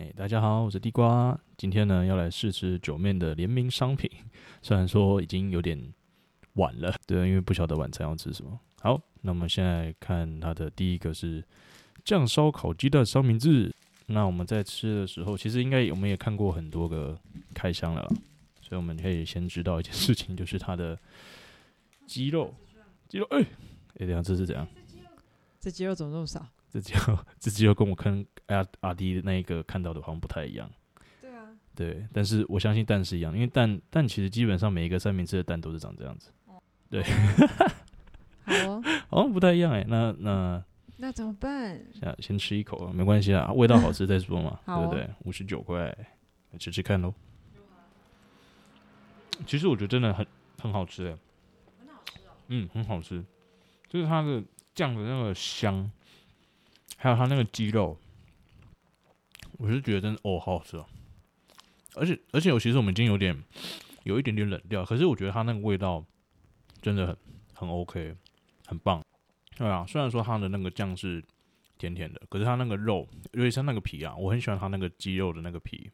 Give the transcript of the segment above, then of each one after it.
欸、大家好，我是地瓜。今天呢，要來試吃 Joeman 的聯名商品。雖然說已經有點晚了，對，因為不曉得晚餐要吃什麼。好，那我們現在看它的第一個是醬燒烤雞肉三明治。那我們在吃的時候，其實應該我們也看過很多個開箱了，所以我們可以先知道一件事情，就是它的雞肉，雞肉。哎、欸，哎、欸，等下這是怎樣？這雞肉，這雞肉怎麼這麼少？這只有這只有跟我看阿阿弟的那一個看到的，好像不太一樣。對啊，對，但是我相信蛋是一樣，因為蛋蛋其實基本上每一個三明治的蛋都是長這樣子。嗯、對， 好哦，好像不太一樣哎，那那那怎麼辦？先吃一口啊，沒關係啊，味道好吃再說嘛， 哦、對不對？五十九塊，來吃吃看嘍。嗎其實我覺得真的很很好吃哎，很好吃，很好吃，哦、嗯，很好吃，就是它的醬的那個香。還有它那個雞肉，我是覺得真的哦，好好吃哦、啊！而且而且，我其實我們已經有點有一點點冷掉了，可是我覺得它那個味道真的很很 OK，很棒。對啊，雖然說它的那個醬是甜甜的，可是它那個肉，尤其是那個皮啊，我很喜歡它那個雞肉的那個皮，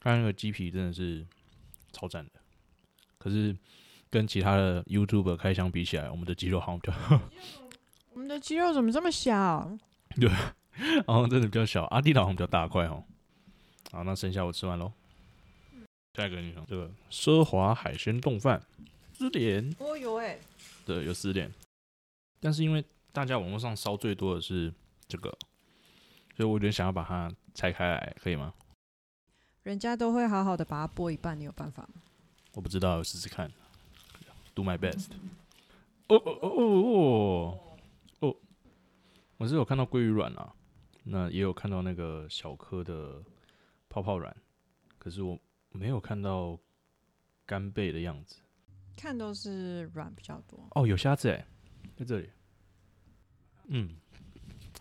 它那個雞皮真的是超讚的。可是跟其他的 YouTuber 開箱比起來，我們的雞肉好小，我們的雞肉怎麼這麼小？ 對，然後真的比較小，阿、啊、迪老紅比較大塊哈。好，那剩下我吃完嘍。嗯、下一個女生，這個奢華海鮮丼飯，四點，哦有耶，對，有四點。但是因為大家網絡上燒最多的是這個，所以我有點想要把它拆開來，可以嗎？人家都會好好的把它剝一半，你有辦法嗎？我不知道，我試試看，Do my best。哦哦哦哦哦！Oh, oh, oh, oh 可是我看到鮭魚卵啊，那也有看到那個小顆的泡泡卵，可是我沒有看到干貝的樣子，看都是卵比較多。哦，有蝦子哎，在這裡，嗯，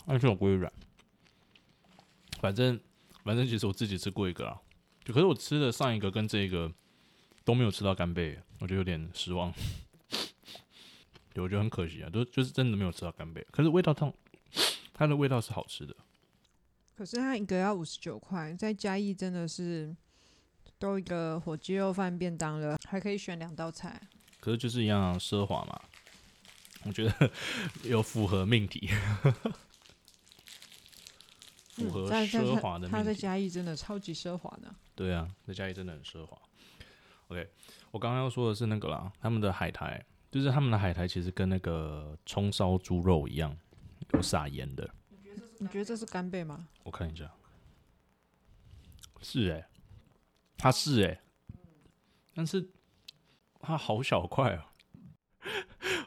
還有這種鮭魚卵，反正反正其實我自己吃過一個啊，就可是我吃的上一個跟這個都沒有吃到干貝，我就有點失望 對，我覺得很可惜啊，都就，就是真的沒有吃到干貝，可是味道上。它的味道是好吃的，可是它一個要五十九塊，在嘉義真的是都一個火雞肉飯便當了，還可以選兩道菜。可是就是一樣、啊、奢華嘛，我覺得 有符合命題， 符合奢華的、嗯，但是他。他在嘉義真的超級奢華呢。對啊，在嘉義真的很奢華。OK，我剛剛要說的是那個啦，他們的海苔，就是他們的海苔，其實跟那個蔥燒豬肉一樣。我撒鹽的，你覺得這是干貝嗎？我看一下，是哎，它是哎、欸，但是它好小塊啊！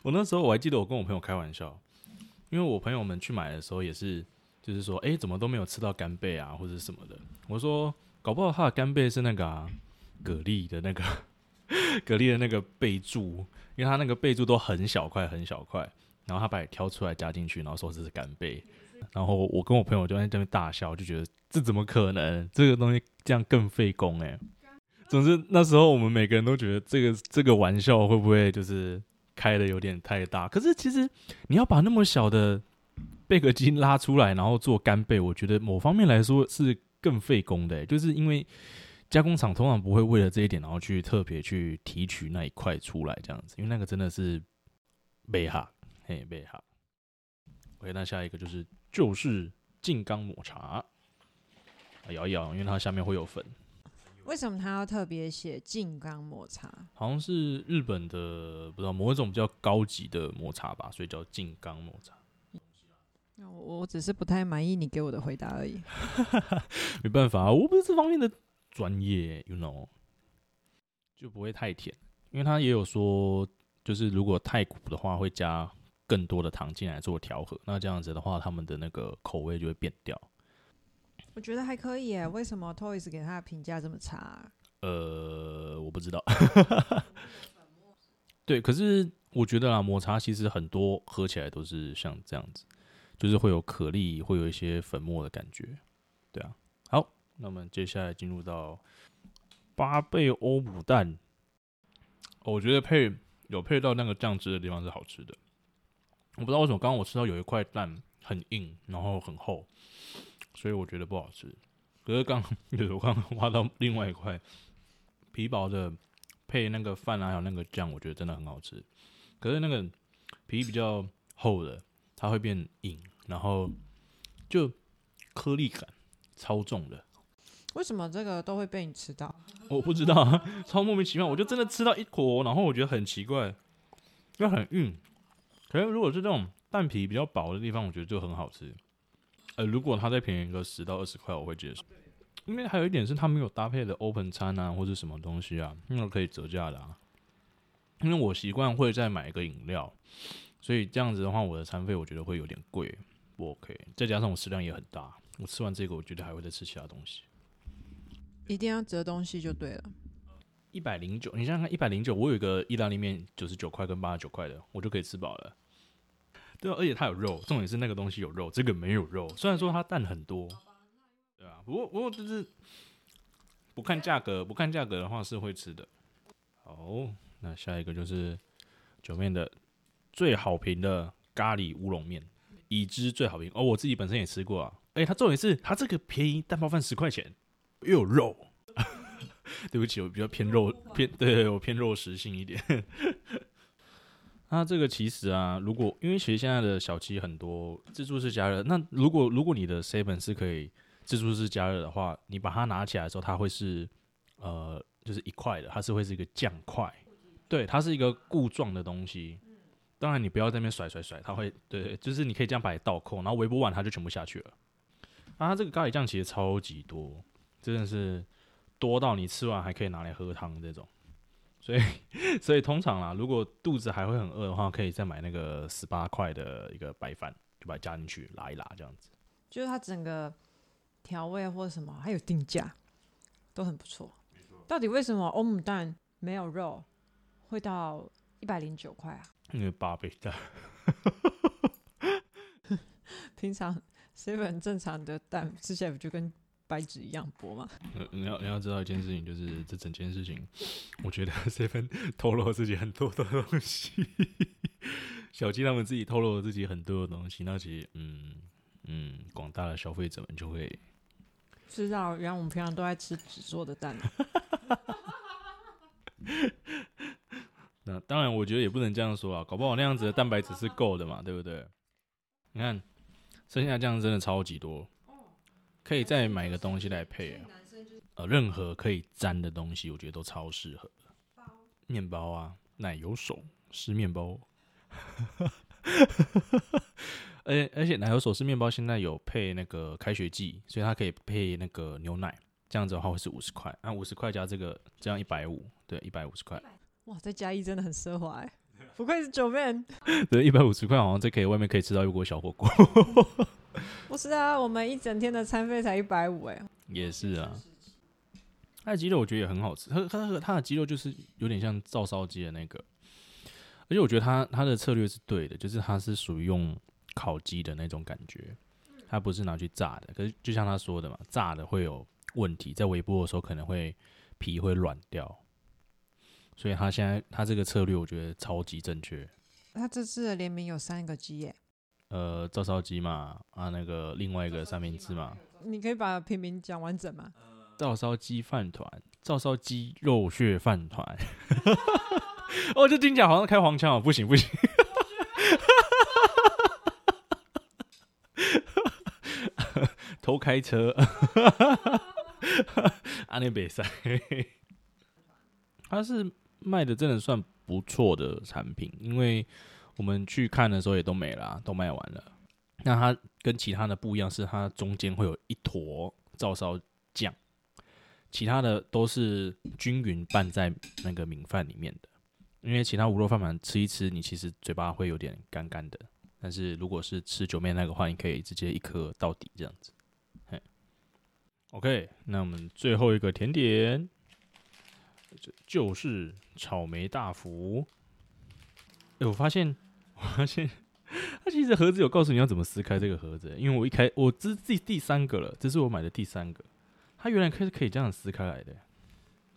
我那時候我還記得我跟我朋友開玩笑，因為我朋友們去買的時候也是，就是說，哎，怎麼都沒有吃到干貝啊，或者什麼的。我說，搞不好他的干貝是那個、啊、蛤蜊的那個 蛤蜊的那個貝柱，因為它那個貝柱都很小塊，很小塊。然後他把你挑出來加進去，然後說這是干貝。然後我跟我朋友就在這邊大笑，就覺得這怎麼可能？這個東西這樣更費工哎、欸。總之那時候我們每個人都覺得這個這個玩笑會不會就是開得有點太大？可是其實你要把那麼小的貝殼筋拉出來，然後做干貝，我覺得某方面來說是更費工的、欸，就是因為加工廠通常不會為了這一點然後去特別去提取那一塊出來這樣子，因為那個真的是美哈。嘿，備好。OK，那下一個就是就是靜岡抹茶，啊，搖一搖，因為它下面會有粉。為什麼他要特別寫靜岡抹茶？好像是日本的不知道某一種比較高級的抹茶吧，所以叫靜岡抹茶。我我只是不太滿意你給我的回答而已。 沒辦法，我不是這方面的專業，you know，就不會太甜，因為它也有說，就是如果太苦的話會加。更多的糖進來做調和，那這樣子的話，他們的那個口味就會變掉。我覺得還可以耶，為什麼 Toys 給他的評價這麼差啊？呃，我不知道。 對，可是我覺得啊，抹茶其實很多喝起來都是像這樣子，就是會有顆粒，會有一些粉末的感覺。對啊，好，那麼接下來進入到八倍歐姆蛋。嗯，哦，我覺得配有配到那個醬汁的地方是好吃的。我不知道為什麼，剛剛我吃到有一塊蛋很硬，然後很厚，所以我覺得不好吃。可是剛剛，就是，我剛剛挖到另外一塊皮薄的，配那個飯啊，還有那個醬，我覺得真的很好吃。可是那個皮比較厚的，它會變硬，然後就顆粒感超重的。為什麼這個都會被你吃到？我不知道啊，超莫名其妙。我就真的吃到一坨，然後我覺得很奇怪，又很硬。因、欸、如果是這種蛋皮比較薄的地方，我覺得就很好吃。呃、欸，如果它再便宜個十到二十塊，我會接受。因為還有一點是它沒有搭配的 open 餐啊，或者什麼東西啊，那個可以折價的。啊，因為我習慣會再買一個飲料，所以這樣子的話，我的餐費我覺得會有點貴。不 OK，再加上我食量也很大，我吃完這個，我覺得還會再吃其他東西。一定要折東西就對了。一百零九，你想想看，一百零九，我有一個意大利麵九十九塊跟八十九塊的，我就可以吃飽了。對啊，而且它有肉，重點是那個東西有肉，這個沒有肉。雖然說它蛋很多，對啊，不過不過就是不看價格，不看價格的話是會吃的。好，那下一個就是 Joeman 的最好評的咖喱烏龍麵，已知最好評，哦。我自己本身也吃過啊。哎，它重點是它這個便宜蛋包飯十塊錢又有肉， 對不起，我比較偏肉偏，對，對，對，我偏肉食性一點。那這個其實啊，如果因為其實現在的小七很多自助式加熱，那如果如果你的 C 本是可以自助式加熱的話，你把它拿起來的時候，它會是呃就是一塊的，它是會是一個醬塊，對，它是一個固狀的東西。當然你不要在那邊甩甩甩，它會對，就是你可以這樣把它倒扣，然後微波碗它就全部下去了。啊，它這個咖喱醬其實超級多，真的是多到你吃完還可以拿來喝湯這種。所以，所以通常啦，如果肚子還會很餓的話，可以再買那個十八塊的一個白飯，就把它加進去，拉一拉這樣子。就是它整個調味或者什麼，還有定價都很不錯。沒錯。到底為什麼歐姆蛋沒有肉會到一百零九塊啊？因為八倍的， 平常 seven 正常的蛋吃起來不就跟。白紙一樣薄嘛、呃？你要你要知道一件事情，就是這整件事情，我覺得 Seven 透露了自己很多的東西，小雞他們自己透露了自己很多的東西，那其實，嗯嗯，廣大的消費者們就會知道，原來我們平常都愛吃紙做的蛋。 那當然，我覺得也不能這樣說啊，搞不好那樣子的蛋白質是夠的嘛，對不對？你看，剩下醬真的超級多。可以再買一個東西來配，啊，呃，任何可以沾的東西，我覺得都超適合。麵包啊，奶油手撕麵包， 而且而且奶油手撕麵包現在有配那個開學季，所以它可以配那個牛奶，這樣子的話會是五十塊，按五十塊加這個，這樣一百五，對，一百五十塊。哇，再加一真的很奢華哎、欸。不愧是 Joeman。對，一百五十塊好像在可以外面可以吃到一鍋小火鍋。不是啊，我們一整天的餐費才一百五哎。也是啊。它的雞肉我覺得也很好吃，它它它的雞肉就是有點像照燒雞的那個。而且我覺得它它的策略是對的，就是它是屬於用烤雞的那種感覺，它不是拿去炸的。可是就像他說的嘛，炸的會有問題，在微波的時候可能會皮會軟掉。所以他現在他這個策略，我覺得超級正確。他這次的聯名有三個雞耶？呃，照燒雞嘛，啊，那個另外一個三明治嘛。你可以把品名講完整嗎？照燒雞飯糰，照燒雞肉血飯糰。 哦，這金甲好像開黃腔啊，喔，不行不行。 偷開車，阿內比賽， 他是。賣的真的算不錯的產品，因為我們去看的時候也都沒啦，都賣完了。那它跟其他的不一樣，是它中間會有一坨照燒醬，其他的都是均勻拌在那個米飯裡面的。因為其他御飯糰吃一吃，你其實嘴巴會有點乾乾的。但是如果是吃酒面那個話，你可以直接一顆到底這樣子嘿。OK，那我們最後一個甜點。就是草莓大福。哎，我發現，我發現它其實盒子有告訴你要怎麼撕開這個盒子，因為我一開，我這是第第三個了，這是我買的第三個，它原來可以可以這樣撕開來的，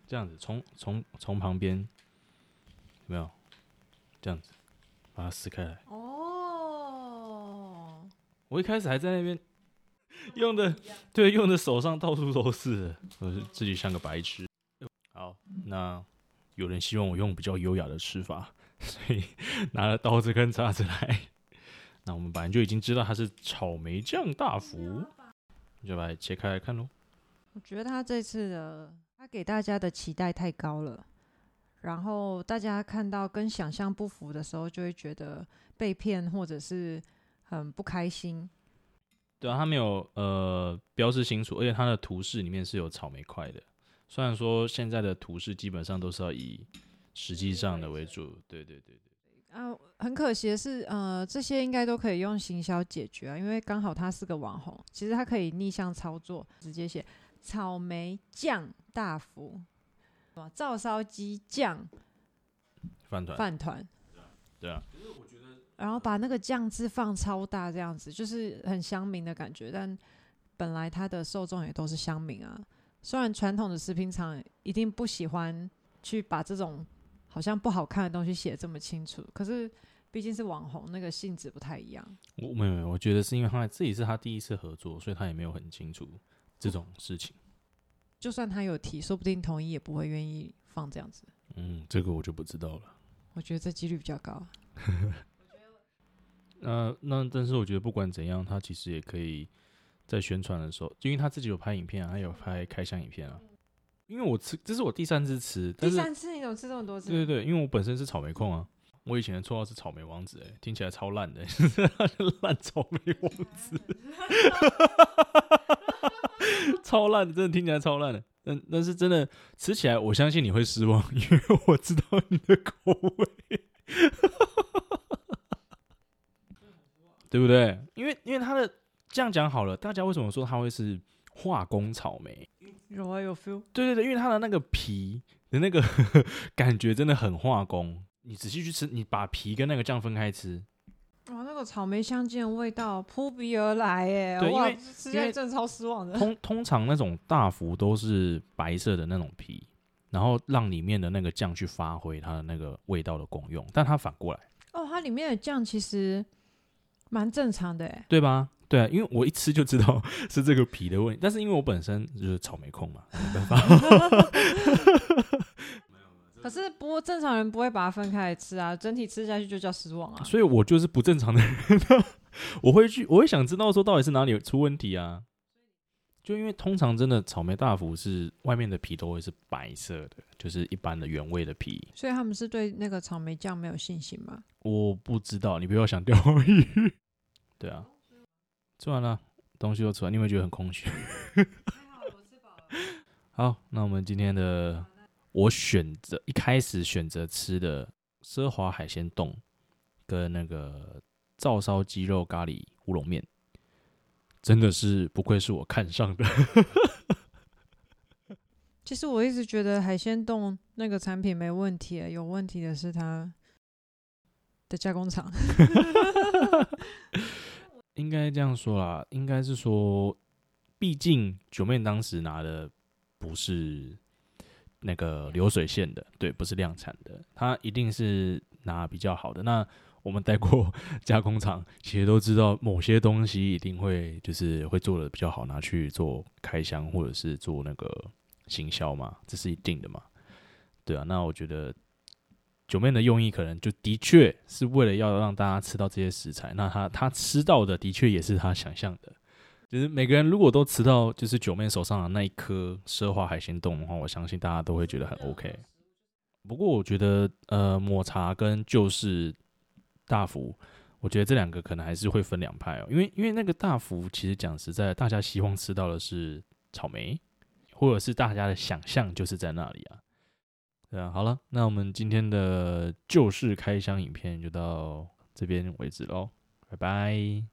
這樣子，從從從旁邊有，沒有，這樣子把它撕開來。哦，我一開始還在那邊用的，對，用的手上到處都是，我自己像個白痴。那有人希望我用比較優雅的吃法，所以拿了刀子跟叉子來。那我們本來就已經知道它是草莓醬大福，我們就來切開來看嘍。我覺得他這次的他給大家的期待太高了，然後大家看到跟想象不符的時候，就會覺得被騙，或者是很不開心。對啊，他沒有呃標示清楚，而且他的圖示裡面是有草莓塊的。雖然說現在的圖示基本上都是要以實際上的為主，對對對，對，對啊，很可惜的是，呃，這些應該都可以用行銷解決啊，因為剛好他是個網紅，其實他可以逆向操作，直接寫草莓醬大福，什麼照燒雞醬，飯糰飯糰，對啊啊。然後把那個醬汁放超大這樣子，就是很鄉民的感覺，但本來他的受眾也都是鄉民啊。雖然傳統的食品廠一定不喜歡去把這種好像不好看的東西寫得這麼清楚，可是畢竟是網紅，那個性質不太一樣。我、哦、沒有，我覺得是因為他自己是他第一次合作，所以他也沒有很清楚這種事情。就算他有提，說不定統一也不會願意放這樣子。嗯，這個我就不知道了。我覺得這機率比較高。 呃，那但是我覺得不管怎樣，他其實也可以。在宣傳的時候，因為他自己有拍影片啊，還有拍開箱影片啊。因為我吃，這是我第三次吃，第三次，你怎麼吃這麼多次？對對對，因為我本身是草莓控啊。我以前的綽號是草莓王子欸，哎，聽起來超爛的欸，爛 草莓王子， 超爛，真的聽起來超爛的。但但是真的吃起來，我相信你會失望，因為我知道你的口味， 對不對？因為因為他的。這樣講好了，大家為什麼說它會是化工草莓？有啊有 feel。對對對，因為它的那個皮的那個 感覺真的很化工。你仔細去吃，你把皮跟那個醬分開吃，哇，那個草莓香精的味道撲鼻而來，哎，對，因為真的超失望的。通通常那種大福都是白色的那種皮，然後讓裡面的那個醬去發揮它的那個味道的功用，但它反過來，哦，它裡面的醬其實蠻正常的，哎，對吧？對啊，因為我一吃就知道是這個皮的問題，但是因為我本身就是草莓控嘛，沒有辦法。可是不過正常人不會把它分開來吃啊，整體吃下去就叫失望啊。所以我就是不正常的人， 我會去，我會想知道說到底是哪裡出問題啊。就因為通常真的草莓大福是外面的皮都會是白色的，就是一般的原味的皮。所以他們是對那個草莓醬沒有信心嗎？我不知道，你不要想釣魚。 對啊。吃完了，東西又吃完，你有沒有覺得很空虛？好好，那我們今天的我選擇一開始選擇吃的奢華海鮮丼跟那個照燒雞肉咖喱烏龍麵，真的是不愧是我看上的。其實我一直覺得海鮮丼那個產品沒問題，有問題的是它的加工廠。 應該這樣說啦，應該是說，畢竟九妹當時拿的不是那個流水線的，對，不是量產的，他一定是拿比較好的。那我們待過加工廠，其實都知道某些東西一定會就是會做的比較好，拿去做開箱或者是做那個行銷嘛，這是一定的嘛。對啊，那我覺得。Joeman 的用意可能就的確是為了要讓大家吃到這些食材，那他他吃到的的確也是他想象的。就是每個人如果都吃到就是 Joeman 手上的那一顆奢華海鮮丼的話，我相信大家都會覺得很 OK。不過我覺得呃抹茶跟就是大福，我覺得這兩個可能還是會分兩派哦，因為因為那個大福其實講實在，大家希望吃到的是草莓，或者是大家的想象就是在那裡啊。這樣好了，那我們今天的 Jo 式開箱影片就到這邊為止嘍，拜拜。